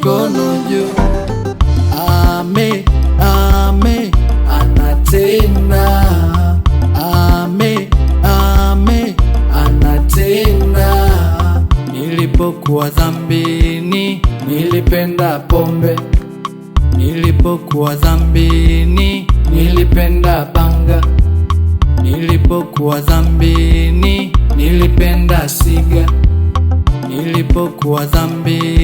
mikono juu. Ame, ame, anatenda. Ame, ame, anatenda. Nilipokuwa dhambini, nilipenda pombe. Nilipokuwa dhambini, nilipenda banga. Nilipokuwa dhambini, nilipenda siga. Nilipokuwa dhambini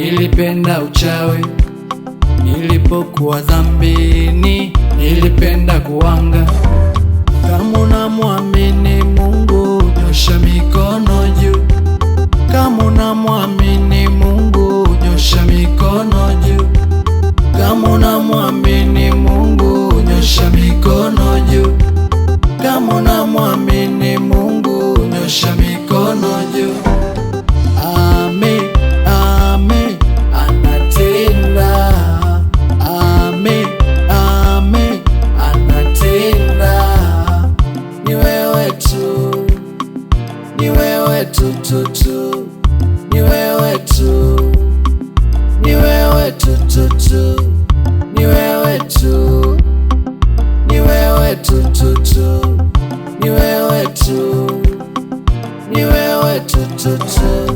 nilipenda uchawi, nilipokuwa dhambini nilipenda kuanga. Kama unamwamini Mungu, nyosha mikono juu. tu tu tu, ni wewe tu, ni wewe tu tu tu, ni wewe tu, ni wewe tu tu tu, ni wewe tu, ni wewe tu tu tu.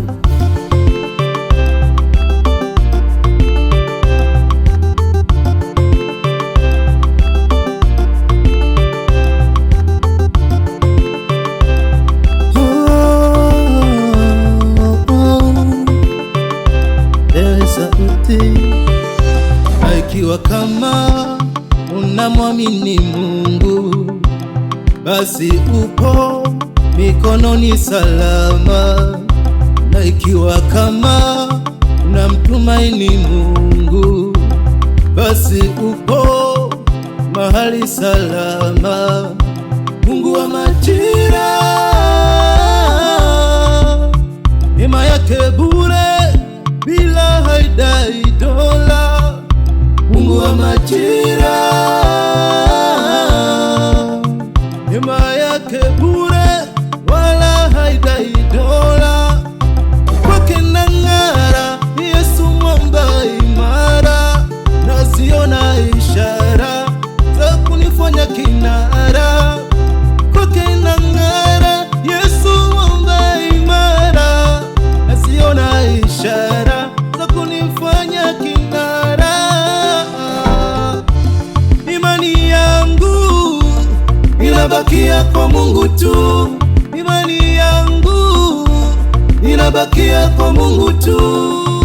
unamwamini Mungu, basi upo mikononi salama, na ikiwa kama unamtumaini Mungu, basi upo mahali salama. Mungu wa majira, neema yake bure Majira neema yake bure, wala haidai dola. Kwake nang'ara, Yesu mwamba imara, naziona ishara za kunifanya kinara ninabakia kwa Mungu tu, imani yangu ninabakia kwa Mungu tu.